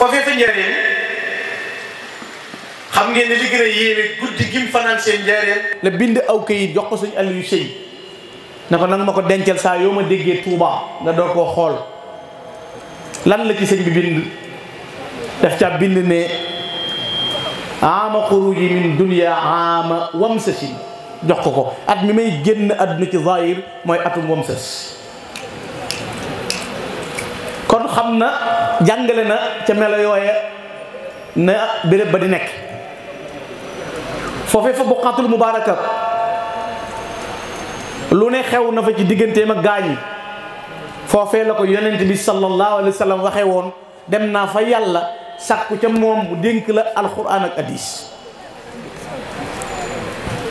foofee fa njaareen xam ngeen ne li gën a yéeme guddi gim fanaan seen njaareen la bind aw kayit jox ko suñu àll yu sëy na ko nanga ma ko dencal saa yoo ma déggee Touba nga door koo xool lan la ci sëñ bi bind daf ca bind ne ama xuruji min dunya ama wamsasin jox ko ko at mi may génn àdduna ci zahir mooy atum wamsas kon xam na jàngale na ca melo yooye na béréb ba di nekk foofee fa buqaatul mubaaraka lu ne xew na fa ci digganteem ak gaañi foofee la ko yonent bi sallallahu alayhi wa sallam woon dem naa fa yàlla sàkku ca moom bu dénk la alquran ak hadis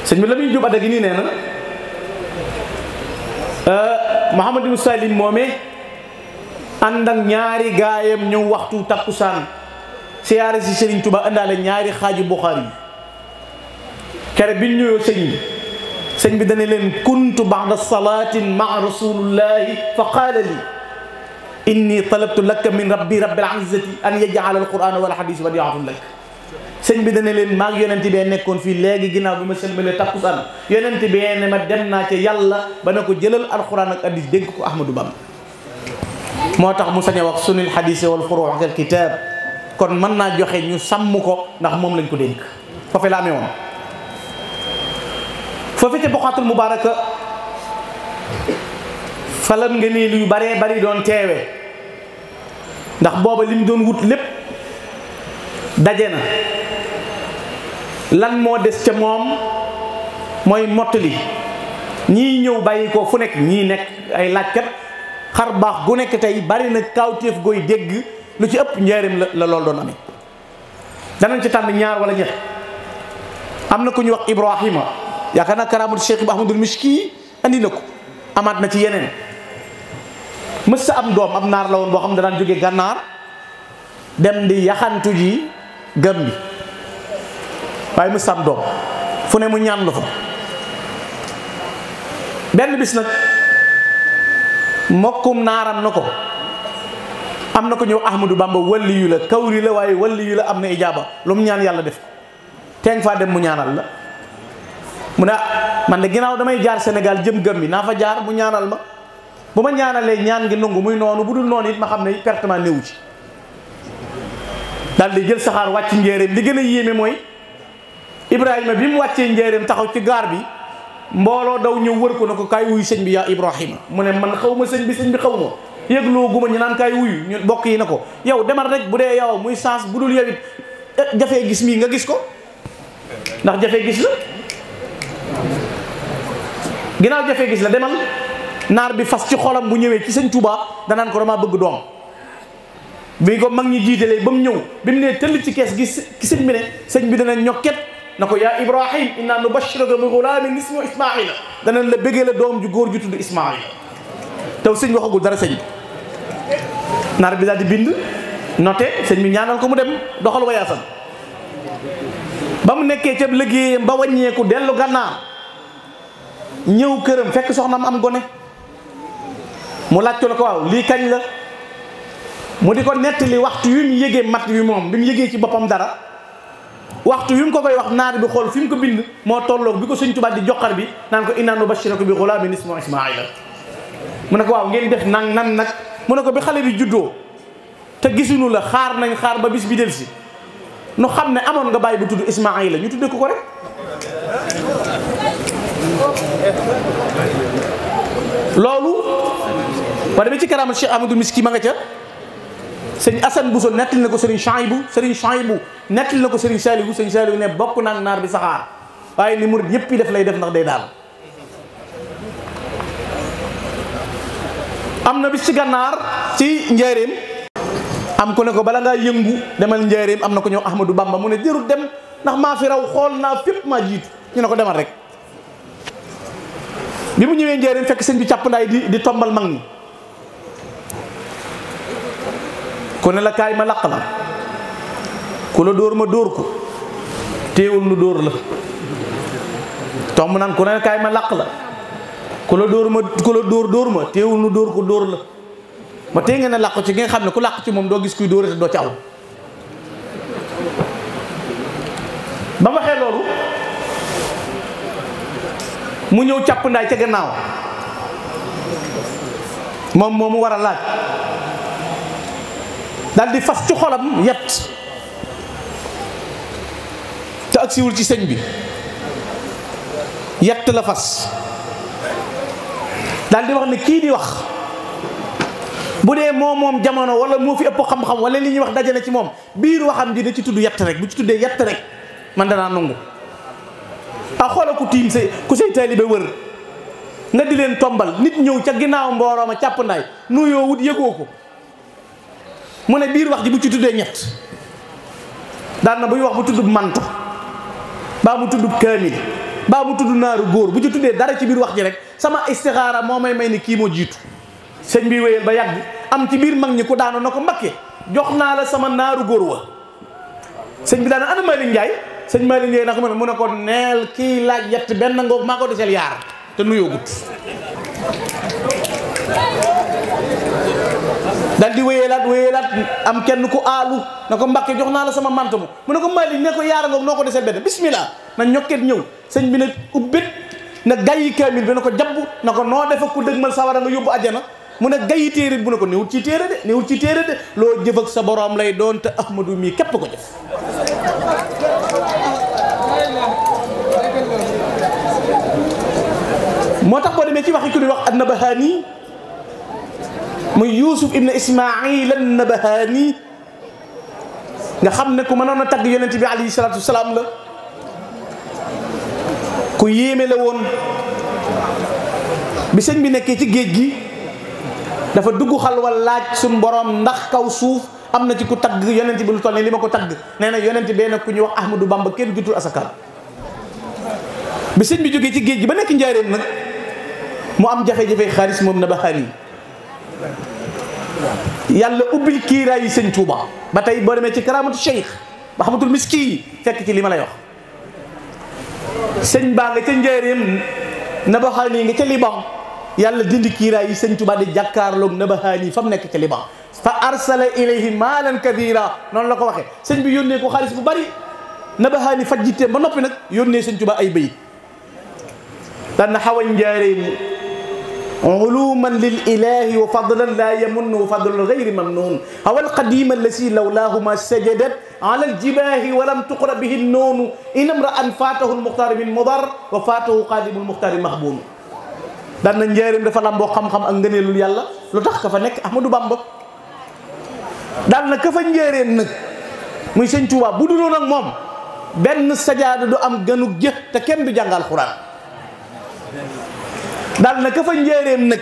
sëñ bi la muy jub adda gi nii nee na euh, Muhammad ibn ànd ak ñaari gaayam ñëw waxtu takkusaan siyaare si Serigne Touba àndaale ñaari xaaju Buxaari yi kere bi ñëwee sëñ bi sëñ bi dana leen kuntu ba'da salaatin ma'a rasulillahi fa qaala li inni talabtu laka min rabbi rabbil izzati an yaj'ala alqur'ana wal hadith wadi'atan lak sëñ bi dana leen maag yonent bi nekkoon fii léegi ginnaaw bi ma sëlmalee takkusaan yonent bi ne ma dem naa ca yàlla ba na ko jëlal alqur'an ak hadith dénk ko Ahmadou Bamba moo tax mu sañ a wax sunil xadiis wal furuu ak al kitaab kon mën naa joxe ñu sàmm ko ndax moom lañ ko dénk foofu la amee woon foofu ca boxaatul mubaaraka falam nga nii luy baree bari doon teewe ndax booba li mu doon wut lépp daje na lan moo des ca moom mooy li ñii ñëw bàyyi ko fu nekk ñii nekk ay laajkat xar baax gu nekk tey bari na kaawteef gooy dégg lu ci ëpp njaarim la loolu doon amee danañ ci tànn ñaar wala ñett am na ku ñu wax Ibrahima yaakaar naa karaamatu Cheikh bi Ahmadul Miski indi na ko amaat na ci yeneen mës am doom am naar la woon boo xam ne daan jóge gànnaar dem di yaxantu ji gëm bi waaye mës sa am doom fu ne mu ñaan la fa benn bis nag mokkum naaram na ko am na ko ñëw Ahmadou Bamba walli la kawri la waaye walli la am na ijaaba lu mu ñaan yàlla def ko teeng faa dem mu ñaanal la mu ne man ne ginnaaw damay jaar Sénégal jëm gëm bi naa fa jaar mu ñaanal ma bu ma ñaanalee ñaan ngi nangu muy noonu bu dul noonu it ma xam ne pertement néewu ci daal jël saxaar wàcc njéeréem li gën a yéeme mooy Ibrahima bi mu wàccee njéeréem taxaw ci gaar bi mbooloo daw ñëw wër ko na ko kaay wuyu sëñ bi yaa Ibrahima mu ne man xaw ma sëñ bi sëñ bi xaw ma yëgloo guma ñu naan kaay wuyu ñu bokk yi na ko yow demal rek bu dee yow muy chance bu dul yow eh, jafe gis mii nga gis ko ndax jafee gis la ginnaaw jafee gis la demal naar bi fas ci xolam bu ñëwee ci sëñ Touba danaan ko dama bëgg doom bi ko mag ñi jiitalee ba mu ñëw bi mu nee tëll ci kees gi sëñ bi ne sëñ bi dana ñokket na ko yaa ibrahim inna nubashiraka bi gulaamin ismu ismaila danañ la bëggee la doom ju góor ju tudd ismaila taw sëñ waxagul dara sëñ bi naar bi daal di bind noté sëñ bi ñaanal ko mu dem doxal wayaasam ba mu nekkee ca liggéeyam ba wàññeeku dellu gànnaar ñëw këram fekk soxna soxnaam am gone mu laaj ko ne ko waaw lii kañ la mu di ko nettali waxtu yu mu yëgee mat yu moom bi mu yëgee ci boppam dara waxtu yu mu ko koy wax naar bi xool fi mu ko bind moo tolloog bi ko sëñ Tuubaa di joxar bi naan ko innaa nubashshiraka bi ghulaamin ismuhu Ismaayil mu ne ko waaw ngeen def nan nan nag mu ne ko bi xale bi juddoo te gisuñu la xaar nañ xaar ba bis bi si nu xam ne amoon nga bàyyi bu tudd Ismaayil ñu tudde ko ko rek loolu ba demee ci karaama Cheikh Amadou Miski ma nga ca sëñ Assane Bousso nettali na ko sëriñ Chaybu sëriñ Chaybu nettali na ko sëriñ Saliou sëriñ Saliou ne bokk naa naar bi saxaar waaye li murit yëpp yi def lay def ndax day daal. am na bis ci gànnaar ci njaareem am ku ne ko bala ngaa yëngu demal njaareem am na ko ñëw Ahmadou Bamba mu ne jërul dem ndax maa fi raw xool naa fépp maa jiitu ñu ne ko demal rek bi mu ñëwee njaareem fekk sëñ bi càpp ndaay di tombal mag ñi ku ne la ma laq la ku la dóor ma dóor ko téewul nu dóor la tomb naan ku ne la ma laq la ku la dóor ma ku la dóor dóor ma téewul nu dóor ko dóor la ma tee ngeen a làqu ci nga xam ne ku làqu ci moom doo gis kuy dóorate doo ci aw ba waxee loolu mu ñëw càpp ndaay ca gannaaw moom mu war a laaj daal di fas ci xolam yet te agsiwul ci sëñ bi yett la fas daal di wax ne kii di wax bu dee moo moom jamono wala moo fi ëpp xam-xam wala li ñuy wax dajale ci moom biir waxam ji da ci tudd yett rek bu ci tuddee yett rek man danaa nangu a xoola ku tiim say ku say taalibe wër nga di leen tombal nit ñëw ca ginnaaw mboorooma càpp ndaay nuyoo wut yëgoo ko mu ne biir wax ji bu ci tuddee ñett daan na buy wax bu tudd manto baa mu tudd kaamil baa mu tudd naaru góor bu ci tuddee dara ci biir wax ji rek sama istixaara moo may may ni kii moo jiitu sëñ bi wéyal ba yàgg am ci biir mag ñi ku daanu na ko mbakke jox naa la sama naaru góor wa sëñ bi daana ana Malick sëñ Malick Ndiaye na ko mu ne ko neel kii laaj yett benn ngoog maa ko deseel yaar te nuyoo gut dal di wéyalaat wéyalaat am kenn ku aalu na ko mbàkke jox naa la sama mant mu mu ne ko malik ne ko yaara ngoog noo ko desee benn bismillah na ñokket ñëw sëñ bi ne ubbit na gayyi kaamil bi na ko jabb na ko noo defa ku dëgmal sawara nga yóbbu ajjana mu ne gayyi téere bu ne ko newut ci téere de newut ci téere de loo jëf ak sa borom lay doon te ahmadu mii képp ko jëf moo tax boo demee ci waxi ku ñuy wax adna bahaani muy Yuusuf ibn Ismaayil an-Nabahaani nga xam ne ku ma a tagg yonent bi alayhi salaatu wasalaam la ku yéeme la woon bi sëñ bi nekkee ci géej gi dafa dugg xalwa laaj suñ borom ndax kaw suuf am na ci ku tagg yonent bi lu toll nii li ma ko tagg nee na yonent bee nag ku ñuy wax Ahmadou Bamba kenn jutul asakal bi sëñ bi jógee ci géej gi ba nekk njaareem nag mu am jafe-jafe xaalis moom na yi yàlla ubbil kiiraay yi sëñ Touba ba tey bari demee ci karaamatu Cheikh ba xamatul miski yi fekk ci li ma lay wax sëñ baa nga ca njëriñam nabaxaani nga ca liban yàlla dindi kiiraay yi sëñ Touba di jàkkaarloog nabaxaani fa mu nekk ca liban fa arsala ilayhi maalan kabira noonu la ko waxee sëñ bi yónnee ko xaalis bu bari nabaxaani faj jitteem ba noppi nag yónnee sëñ Touba ay bayit daan na xaw a علوما للإله وفضلا لا يمن وفضل غير ممنون أو القديم الذي لولاه ما سجدت على الجباه ولم تقرأ به النون إن امرأ فاته المختار من مضر وفاته قادم المختار مخبون daan na njëriñ dafa lamboo xam-xam ak ngëneelul yàlla lu tax ka fa nekk Ahmadou Bamba daan na ka fa njëriñ nag muy sëñ Tuubaa bu duloon ak moom benn sajaada du am gënu jë te kenn du jàngal Alxuraan daal na ka fa njéeréem nag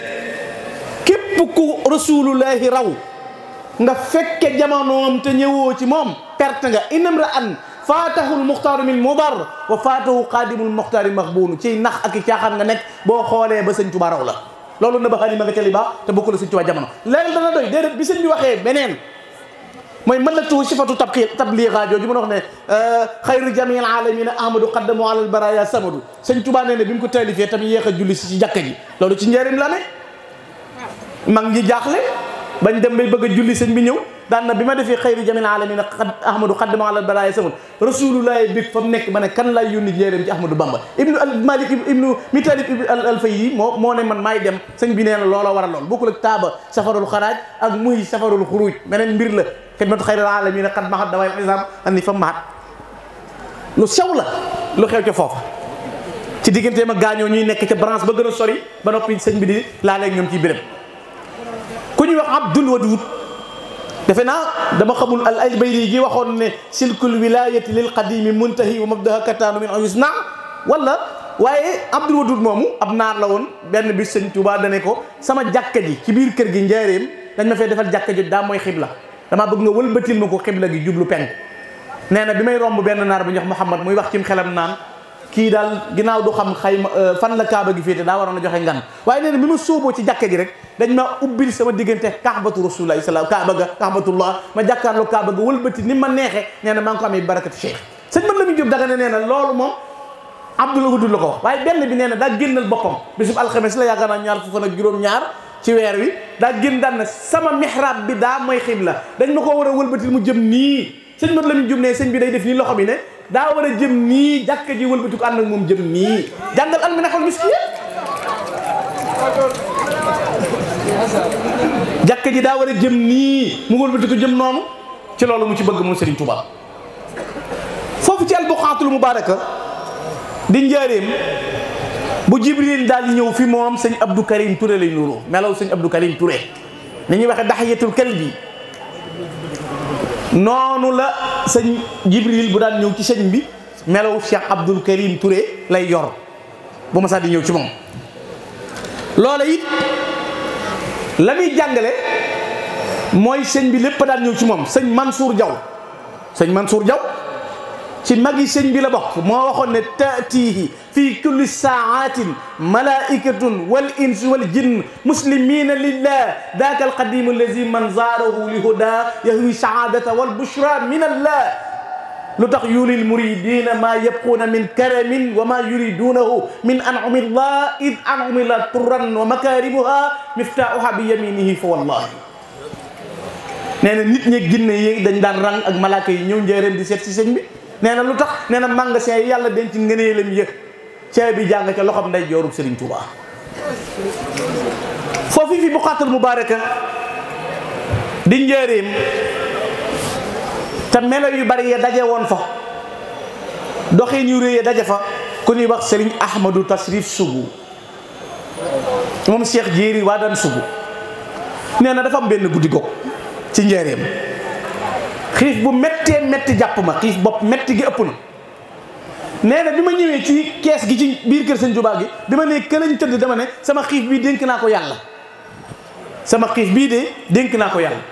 képp ku rasulullahi raw nga fekke jamonoom te ñëwoo ci moom perte nga inam ra an faatahul muxtaaru min mubar wa faatahu xaadimul muxtaari maxbuunu ci nax ak caaxaan nga nekk boo xoolee ba sëñ Tuubaa raw la loolu na ba xalima nga ca li baax te bokkul sëñ Tuubaa jamono léegi dana doy déedéet bi sëñ bi waxee beneen mooy mën la tuhu sifatu tabqi tabliga jooju mën a wax ne euh, xayru jamil alamina ahmadou xaddamu alal baraya samadou sëñ Tuubaa nee ne bi mu ko taalifee tamit yéex a julli si ci jàkka ji loolu ci njëriñ la ne mag ñi jaaxle bañ dem bay bëgg a julli sëñ bi ñëw daan na bi ma defee xayri jamil alamina ahmadou xaddama alal balaaya samun rasulullahi bég fa mu nekk ma ne kan lay yónni yéeréem ci ahmadou bamba ibnu al malik ibnu mitalib alfay yi moo ne man maay dem sëñ bi ne na loola war a lool bokkul ak taaba safarul xaraaj ak muy safarul xuruj meneen mbir la xidmatu xayril alamina xad mahat daway isam anni fa mahat lu sew la lu xew ca foofa ci digganteem ak gaañoo ñuy nekk ca branche ba gën a sori ba noppi sëñ bi di laaleeg ci béréb defe naa dama xamul al albayri gi waxoon ne silkul wilayati lil qadimi muntahi wa mabdaha kataanu min ayus na wala waaye abdul wadud moomu ab naar la woon benn bi sëñ Tuubaa dane ko sama jàkka ji ci biir kër gi njaareem dañ ma fee defal jàkka ji daa mooy xibla damaa bëgg nga wëlbatil ma ko xibla gi jublu penk nee na bi may romb benn naar bu ñox Muhammad muy wax cim xelam naan kii daal ginnaaw du xam xayma euh, fan la kaaba gi féete daa waroon a joxe ngan waaye nee na bi ma sóoboo ci jàkka ji rek dañ ma ubbil sama diggante kaabatu rasulullah salaam kaaba ga kaabatullah ma jàkkaarloo kaaba ga wëlbati ni ma neexee nee na maa ngi ko amee barakati cheikh sëñ man la mu jóg daga ne nee na loolu moom abdoula wuddu la ko wax waaye benn bi nee na daa génnal boppam bisub alxames la yaakaar naa ñaar fukk ak juróom-ñaar ci weer wi daa génn daan na sama mihrab bi daa mooy la dañ ma koo war a wëlbati mu jëm nii sëñ man la mu jub ne sëñ bi day def nii loxo bi ne daa war a jëm nii jàkka ji wëlbati ko ànd moom jëm nii jàngal al mi naxal miski jàkka ji daa war a jëm nii mu wëlbati ko jëm noonu ci loolu mu ci bëgg moom Serigne Touba foofu ci albuqaatul mubaaraka di njaareem bu Jibril daal ñëw fi moom sëñ Abdou Karim Touré lay nuru melaw sëñ Abdou Karim Touré ni ñuy waxe daxayatul kalbi noonu la sëñ Jibril bu daan ñëw ci sëñ bi melow Cheikh Abdul Karim Touré lay yor bu ma saa di ñëw ci moom loola it la muy jàngale mooy sëñ bi lépp daan ñëw ci moom sëñ Mansour Diaw sëñ Mansour Diaw ci mag yi sëñ bi la bokk moo waxoon ne taatihi fii kulli saatin malaikatun wal ins wal jinn muslimina lillah daaka alqadimu allazi man zaarahu li huda yahwi saadata wal bushra min allah lu tax yulil muridina maa yabquuna min karamin wa maa yuriduunahu min anamillah id anamillah turran wa makaarimuha miftaahuha bi yaminihi fa wallahi nee na nit ñi ginne yi dañ daan rang ak malaaka yi ñëw njëriñ di seet si sëñ bi nee na lu tax nee na magasin yi yàlla denc ngëneelam yëg bi jàng ca loxoom nday joorub Serigne Touba. foofu fi buqaatul mubaaraka di njëriñ te melo yu bari ya daje woon fa doxin yu rëy daje fa ku ñuy wax sëriñ Ahmadou Tasrif Sougou moom Cheikh Jéeri waa daan Sougou nee na dafa am benn guddi goog ci njëriñ. xiif bu méttee metti jàpp ma xiif bopp metti gi ëpp na nee na bi ma ñëwee ci kees gi ci biir kër sëñ Tuubaa gi bi ma ne këlañ tëdd dama ne sama xiif bii dénk naa ko yàlla sama xiif bii de dénk naa ko yàlla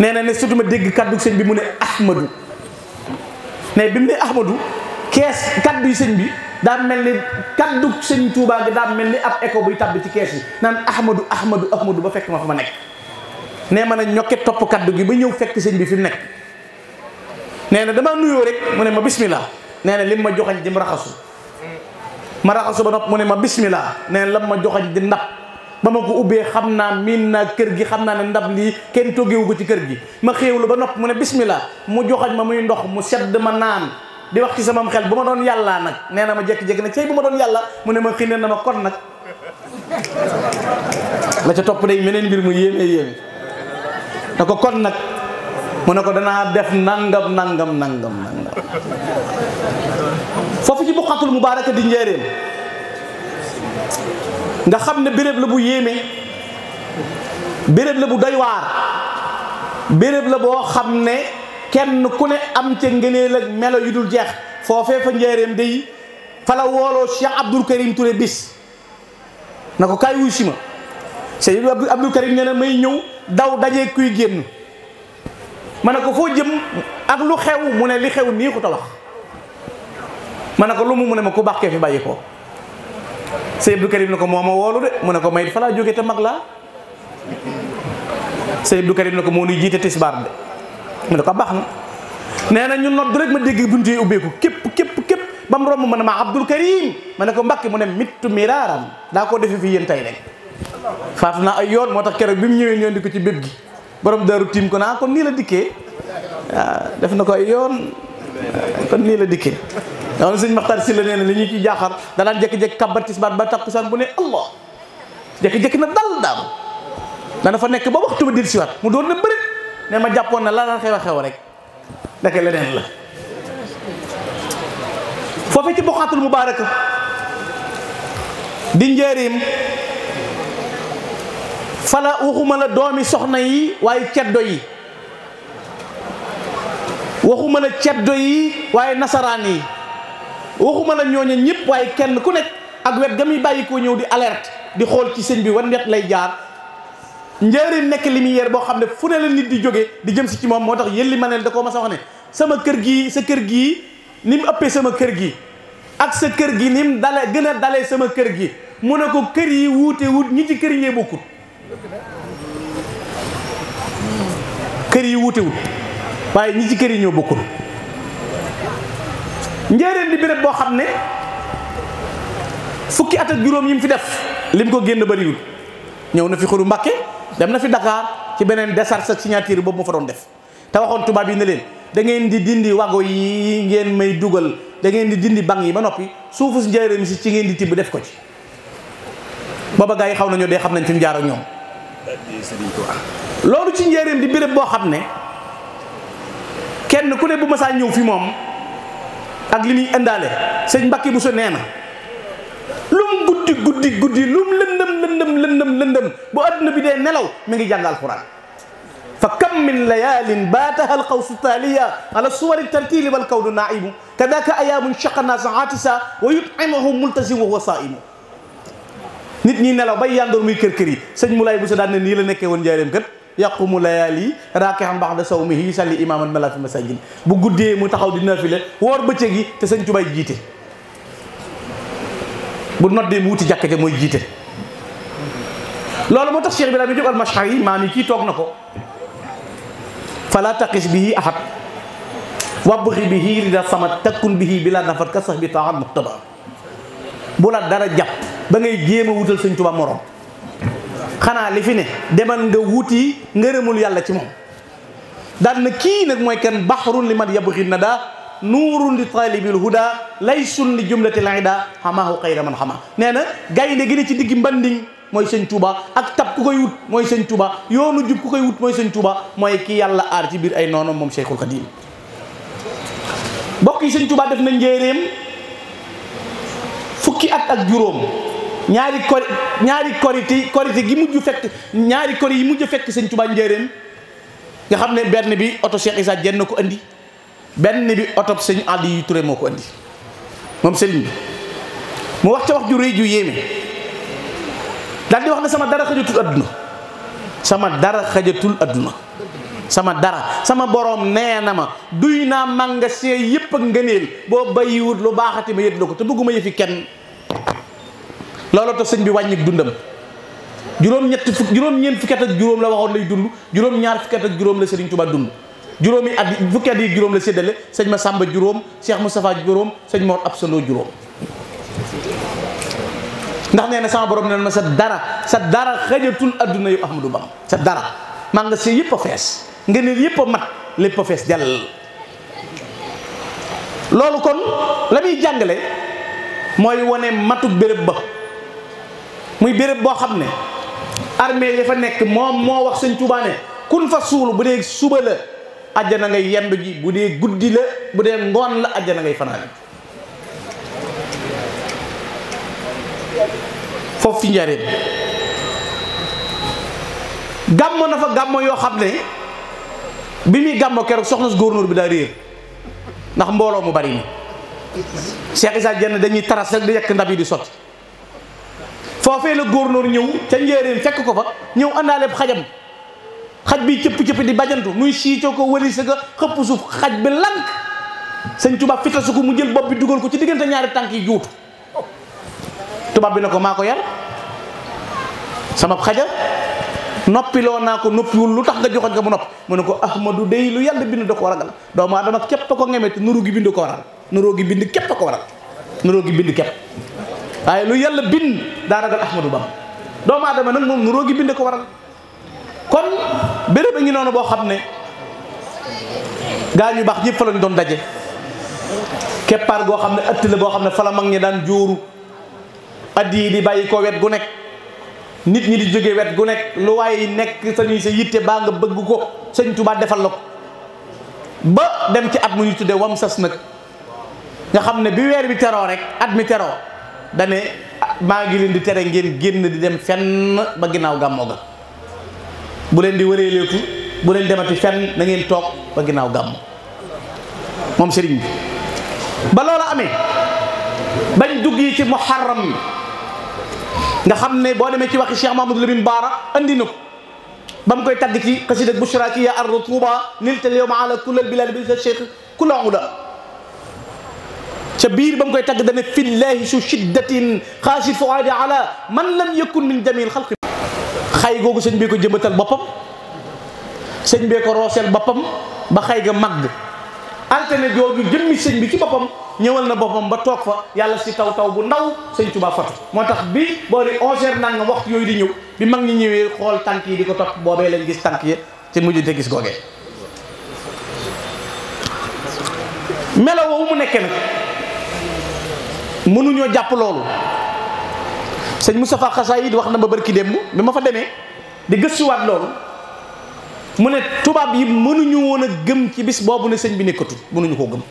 nee na ne surtout ma dégg kàddu sëñ bi mu ne Ahmadu ne bi mu ne Ahmadu kees kàddu yi sëñ bi daa mel ni kàddu sëñ Tuubaa gi daa mel ni ab écho buy tàbbi ci kees yi naan Ahmadu Ahmadu Ahmadu ba fekk ma fa ma nekk nee ma ne ñokket topp kaddu gi ba ñëw fekk sëñ bi fi mu nekk nee na dama nuyoo rek mu ne ma bismillah nee na lim ma joxañ di raxasu ma raxasu ba nopp mu ne ma bismillah nee na ma joxañ di ndab ba ma ko ubbee xam naa miin naa kër gi xam naa ne ndab lii kenn toggewu ko ci kër gi ma la ba nopp mu ne bismillah mu joxañ ma muy ndox mu sedd ma naan di wax ci samam xel bu ma doon yàllaa nag nee na ma jékki-jékki ne cey bu ma doon yàlla mu ne ma xinee na ma kon nag la ca topp day meneen mbir mu yéeme yéeme na ko kon nag mu ne ko danaa def nangam nangam nangam nangam foofu ci buqatul mubaaraka di njéeréem nga xam ne béréb la bu yéeme béréb la bu doy waar béréb la boo xam ne kenn ku ne am ca ngëneel ak melo yu dul jeex foofee fa njéeréem day fa la wooloo Cheikh Abdoul Karim Touré bis na ko kaay wuy si ma Cheikh Abdoul Karim nee na may ñëw daw daje kuy génn ma ne ko foo jëm ak lu xew mu ne li xew nii ko tawax ma ne ko lu mu mu ne ma ku baax kee fi bàyyi ko Sëñ Abdou Karim ne ko moo ma woolu de mu ne ko may fa laa jóge te mag laa Sëñ Abdou Karim ne ko moo nuy jiite tisbaar de mu ne ko baax na nee na ñu nodd rek ma dégg bunt yi ubbeeku képp képp képp ba mu romb mën ne ma Abdou Karim ma ne ko mbakki mu ne mittu miraaram daa koo defe fi yéen tey rek faatu naa ay yoon moo tax keroog bi mu ñëwee ñëw di ko ci béb gi borom daaru tiim ko naa kon nii la dikkee def na ko ay yoon kon nii la dikkee da na sëñ Maxtaar si la nee na li ñu ci jaaxar danaan jékki-jékki kàbbar ci tisbaar ba takkusaan bu ne allah jékki-jékki na dal daam dana fa nekk ba waxtu ba dir mu doon na bëri ne ma jàppoon na la daan xew a xew rek ndeke leneen la foofee ci boxaatul mubaaraka di njëriñ fala waxuma la doomi soxna yi waaye ceddo yi waxuma la ceddo yi waaye nasaraan yi waxuma la ñooñu ñëpp waaye kenn ku nekk ak wet ga muy bàyyi ko ñëw di alerte di xool ci sëñ bi wan wet lay jaar njëriñ nekk lumière boo xam ne fu ne la nit di jóge di jëm si ci moom moo tax yëlli ma ne da koo ma sa wax ne sama kër gi sa kër gi ni mu ëppee sama kër gi ak sa kër gi ni mu dale gën a dalee sama kër gi mu ne ko kër yi wuute wut ñi ci kër yi bokkut kër yi wutewut waaye ñi ci kër yi ñoo bokkul njëriñ di béréb boo xam ne fukki at ak juróom yi mu fi def lim ko génn bariwul ñëw na fi xuru mbakke dem na fi dakaar ci beneen décharge ak signature boobu mu fa doon def te waxoon tubaab yi ne leen dangeen di dindi wago yi ngeen may dugal dangeen di dindi bank yi ba noppi suufu njëriñ si ci ngeen di tibb def ko ci booba gaa yi xaw nañoo dee xam nañ fi mu jaar ñoom. loolu ci njëriñ di béréb boo xam ne kenn ku ne bu masaa ñëw fi moom ak li muy indaale sëñ Mbàkke bu so nee na lum guddi guddi guddi lum lëndëm lëndëm lëndëm lëndëm bu àdduna bi dee nelaw mi ngi jàng alquran fa kam min layalin baataha alqawsu taaliya ala suwari tartili wal kawdu naimu kadaka ayaamun shaqana saatisa wa yut'imuhu multasim wa huwa saimu nit ñi nelaw bay yandoor muy kër kër yi sëñ Moulay Bousso daan ne nii la nekkee woon njaareem kat yaqumu layaali raakixan baxda sawmihi salli imaaman mala fi masajid bu guddee mu taxaw di nafile woor bëccëg yi te sëñ Tuubaa jiite bu noddee mu wuti jàkka mooy jiite loolu moo tax Cheikh Ibrahima Diop al-Mashar yi maam kii toog na ko fala taqis bihi ahad wabri bihi rida samat takkun bihi bila nafat ka sax bi taxat muxtaba bu dara jàpp ba ngay jéem a wutal sëñ tubaa moroom xanaa li fi ne demal nga wuti ngërëmul yàlla ci moom daal na kii nag mooy kenn baxrun li man yabxi na daa nuurun li taalibil huda laysun li jumlati lida xëy xayra man xamaa nee na gaynde gi ne ci diggi mbanding mooy sëñ tubaa ak tab ku koy wut mooy sëñ tubaa yoonu jub ku koy wut mooy sëñ tubaa mooy ki yàlla aar ci biir ay noonam moom Cheikhul Xadim mbokk yi sëñ def na njéeréem fukki at ak juróom ñaari kori ñaari koriti koriti gi mujj fekk ñaari kori yi mujj fekk sëñ Tuubaa njëréem nga xam ne benn bi oto Cheikh Issa Dieng na ko andi benn bi oto sëñ Aliou Touré moo ko andi moom sëriñ bi mu wax ca wax ju rëy ju yéeme daal di wax ne sama dara xajatul adduna sama dara xajatul adduna sama dara sama borom nee na ma duy naa magasin yépp ak ngëneel boo bàyyiwut lu baaxati ma yët la ko te bëgguma yëfi kenn looloo tax sëñ bi wàññik dundam juróom ñetti fukk juróom ñeent fukki ak juróom la waxoon lay dund juróom ñaar fukki at ak juróom la Serigne Touba dund juróomi at fukki at yi juróom la seddale sëñ ma Samba juróom seex Moustapha juróom sëñ Mor Absolo juróom ndax nee na sama borom nee na ma sa dara sa dara xëjatul adduna yu Ahmadou Bam sa dara maa nga see yëpp a fees nga ne yëpp a mat lépp a fees jàll loolu kon la muy jàngale mooy wane matu béréb ba muy béréb boo xam ne armée ya fa nekk moom moo wax sëñ Tuubaa ne kun fa suulu bu dee suba la ajjana ngay yenn ji bu dee guddi la bu dee ngoon la ajjana ngay fanaan foofu fi njareem gàmmo na fa gàmmo yoo xam ne bi muy gàmmo keroog soxla si góornóor bi daal réer ndax mbooloo mu bari ni Cheikh Issa Dieng dañuy taras rek di yekk ndab yi di sotti foofee la góornóor ñëw ca njéeréem fekk ko fa ñëw àndaale xajam xaj bi cëpp-cëpp di bajantu muy siicoo ko wëlisa ga xëpp suuf xaj bi lank sëñ tubaab fitasu ko mu jël bopp bi dugal ko ci diggante ñaari tànk yi juutu tubaab bi ne ko maa ko yar sama xaja noppiloo naa ko noppiwul lu tax nga joxoñ ko mu nopp mu ne ko ahmadu day lu yàlla bind da ko ragal doomu aadama képp ko ngemete nuroo gi bind ko waral nuroo gi bind képp ko waral nuroo gi bind képp waaye lu yàlla bind daa ragal Ahmadou Bamba doomu adama nag moom nuróo gi bind ko waral kon béréb a ngi noonu boo xam ne gaa ñu baax ñëpp fa lañ doon daje keppaar goo xam ne ëtt la boo xam ne fa la mag ñi daan jóoru addi yi di bàyyi ko wet gu nekk nit ñi di jóge wet gu nekk lu waaye nekk sañuy sa yitte baa nga bëgg ko sëñ Tuubaa defal la ko ba dem ci at mu ñu tuddee wam sas nag nga xam ne bi weer bi teroo rek at mi teroo dane maa ngi leen di tere ngeen génn di dem fenn ba ginnaaw gàmmoo ga bu leen di wëreeleetu bu leen demati fenn na ngeen toog ba ginnaaw gàmmu moom sëriñ bi ba loola amee bañ dugg yi ci muharram nga xam ne boo demee ci waxi Cheikh Mahmoud Lamine Baara andi ko ba mu koy tagg ci xasida bushra ci ya ardu tuuba niltal yawma ala kullal bilal bi sa cheikh kula uda te biir ba mu koy tagg dane fillahi su shiddatin xaashi fuaadi ala man lam yakun min jamil xalqi xay googu sëñ bee ko jëmbatal boppam sëñ bee boppam ba xay ga màgg altene jooju jëmmi sëñ bi ci boppam ñëwal na boppam ba toog fa yàlla si taw taw bu ndaw sëñ Tuubaa fatu moo tax bi boori onze heures nangam waxtu yooyu di ñëw bi mag ñi ñëwee xool tànk yi di ko topp boobee lañ gis tànk yi te mujj te gis googee melo woowu mu nekkee nag mënuñoo jàpp loolu sëñ Moustapha Xasaayid wax na ba barki dem bi ma fa demee di gës gëstuwaat loolu mu ne tubaab yi mënuñu woon a gëm ci bis boobu ne sëñ bi nekkatu mënuñu koo gëm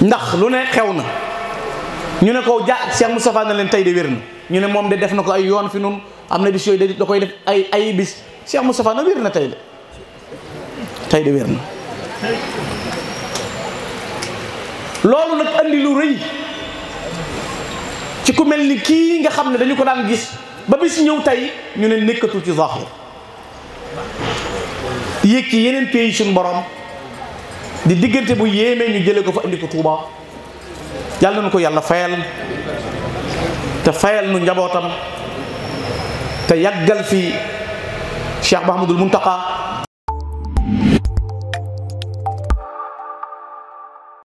ndax lu ne xew na ñu ne ko ja Cheikh Moustapha na leen tey de wér na ñu ne moom de def na ko ay yoon fi nun am na bis yooyu de da koy def ay ay bis Cheikh Moustapha na wér na tey de tey de wér na loolu nag andilu lu rëy ci ku mel ni kii nga xam ne dañu ko daan gis ba bis ñëw tey ñu ne nekkatu ci zahir yéeg ci yeneen pays suñu borom di diggante bu yéemee ñu jëlee ko fa indi ko Touba yàlla na ko yàlla fayal te fayal nu njabootam te yàggal fi Cheikh Mahamadul Muntaqa